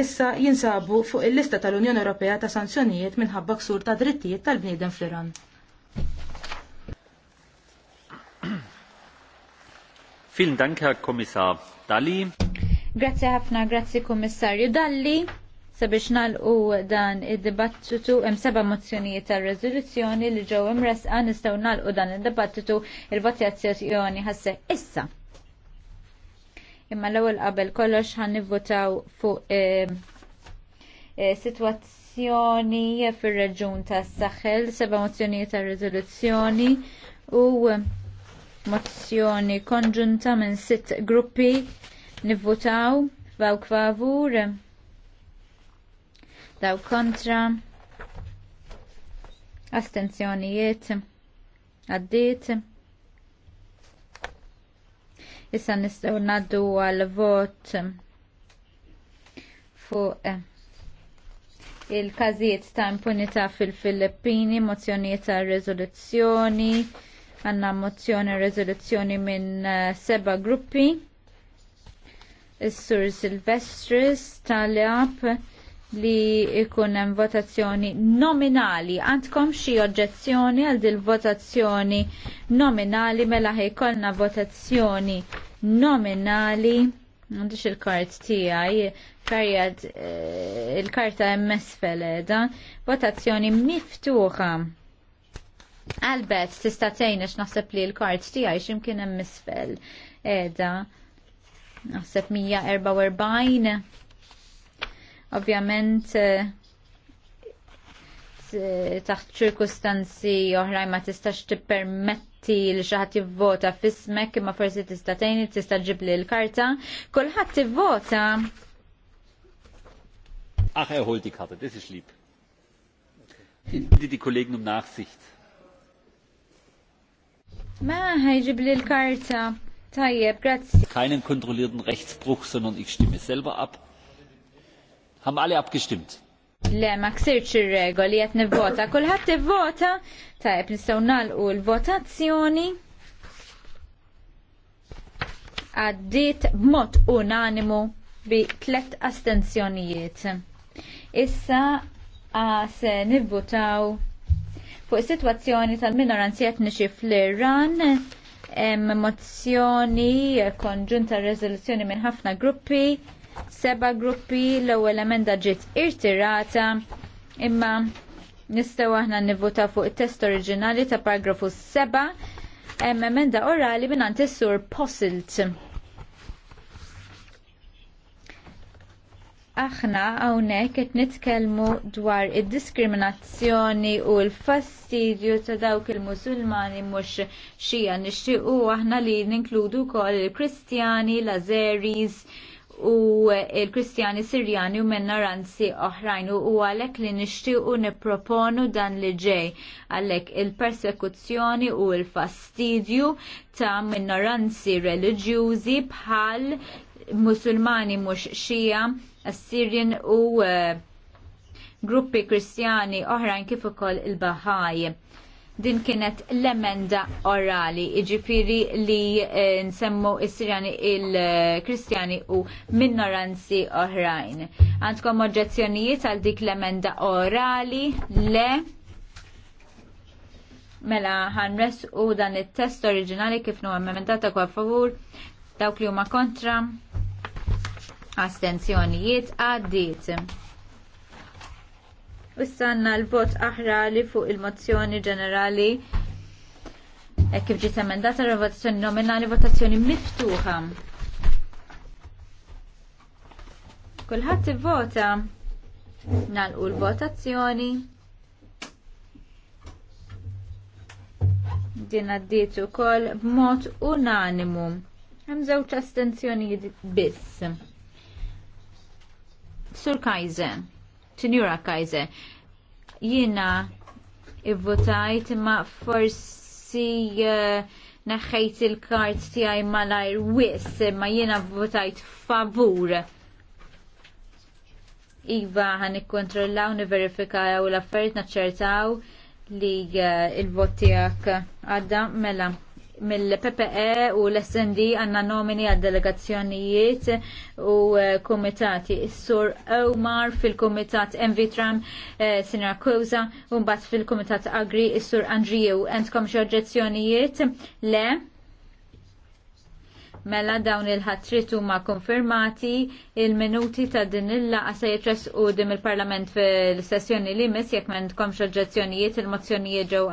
issa jinsabu fuq il-lista tal-Unjoni Ewropea ta' sanzjonijiet minħabba ksur ta' drittijiet tal-bniedem fl-Iran. Fin danke għal komissar Dalli. Grazie ħafna, grazie komissarju Dalli. Sabiex nalqu dan id-dibattitu hemm seba' mozzjonijiet tal rezoluzzjoni li ġew imresqa nistgħu nalqu dan id-dibattitu il votjazzjoni ħasse issa. Imma l-ewwel qabel kollox ħan fuq eh, eh, sitwazzjoni fir-reġun tas-Saħel, seba' mozzjonijiet ta' riżoluzzjoni u mozzjoni konġunta minn sitt gruppi nivvotaw f'dawk favur daw kontra astenzjonijiet għaddiet Issa nistgħu ngħaddu għal vot fuq il-każijiet ta' impunità fil-Filippini, mozzjonijiet ta' rezoluzzjoni, għanna mozzjoni rezoluzzjoni minn eh, seba' gruppi. Is-Sur Silvestris talab li ikun hemm votazzjoni nominali. Għandkom xi oġġezzjoni għal dil votazzjoni nominali mela ħejkolna votazzjoni nominali għandix il-kart tijaj, karjad eh, il-karta emmesfel feleda votazzjoni miftuħa. għalbet tista tgħinna x'naħseb li l-kart tijaj x'imkien hemm fel edha eh, naħseb 144. Ovvjament eh, taħt ċirkustanzi oħrajn ma tistax tippermett ti li xaħat jivvota fismek imma forsi tista' tgħinni tista' ġib li l-karta. Kulħadd jivvota Ach, er holt die Karte, das ist lieb. Ich bitte die Kollegen um Nachsicht. Ma, ħajġib li l-karta. Tajjeb, grazzi. Keinen kontrollierten Rechtsbruch, sondern ich stimme selber ab. Haben alle abgestimmt? Le, ma ksirċ ir-regoli qed nivvota. Kulħadd ta' jep nistgħu nagħlqu l-votazzjoni. Għaddiet b'mod unanimu bi tlet astenzjonijiet. Issa se nivvotaw fuq is-sitwazzjoni tal-minoranzi nixi fl-Iran mozzjoni konġunta rezoluzzjoni minn ħafna gruppi seba gruppi l-ewwel emenda ġiet irtirata imma nistgħu aħna nivvota fuq it-test oriġinali ta' paragrafu 7 hemm emenda orali mingħand is-sur Posilt. Aħna hawnhekk qed nitkellmu dwar id-diskriminazzjoni u l-fastidju ta' dawk il-Musulmani mhux xija nixtiequ aħna li ninkludu wkoll il-Kristjani, l-Azeris, u il-Kristjani Sirjani u ranzi oħrajn u għalek li nishti u niproponu dan li ġej għalek il-persekuzzjoni u il-fastidju ta' minoranzi religjuzi bħal musulmani mux xija, assirjen u uh, gruppi kristjani oħrajn kif ukoll il-Bahaj din kienet l-emenda orali, iġifiri li eh, nsemmu is-Sirjani il-Kristjani u minoranzi oħrajn. Għandkom oġġezzjonijiet għal dik l-emenda orali le mela ħanres u dan it-test oriġinali kif nu emendata kwa favur dawk li huma kontra astenzjonijiet għaddiet. Wissanna l-vot aħra li fuq il-mozzjoni ġenerali e kif ġiet emendata votazzjoni nominali votazzjoni miftuħa. Kulħadd ivvota nagħlqu l-votazzjoni. Din għaddiet ukoll b'mod unanimu. Hemm żewġ astenzjonijiet biss. Sur Kaiser. T'injura Kajze, jiena ivvotajt ma forsi eh, naħħejt il-kart tiegħi malajr wis ma jiena votajt favur. Iva ħan ikkontrollaw niverifikaw l-affarijiet naċċertaw li eh, il-vot tiegħek għadda mela mill-PPE u l-SND għanna nomini għad delegazzjonijiet u eh, komitati. Sur Omar fil-komitat Envitram Tram, eh, Sinra Kouza, un bat fil-komitat Agri, Sur Andriju. Entkom xoġezzjonijiet le? mela dawn il-ħatrit huma konfermati il-minuti ta' din il-laqa se jitres u dim il-Parlament fil-sessjoni li mis jekk m'għandkomx oġġezzjonijiet il-mozzjonijiet ġew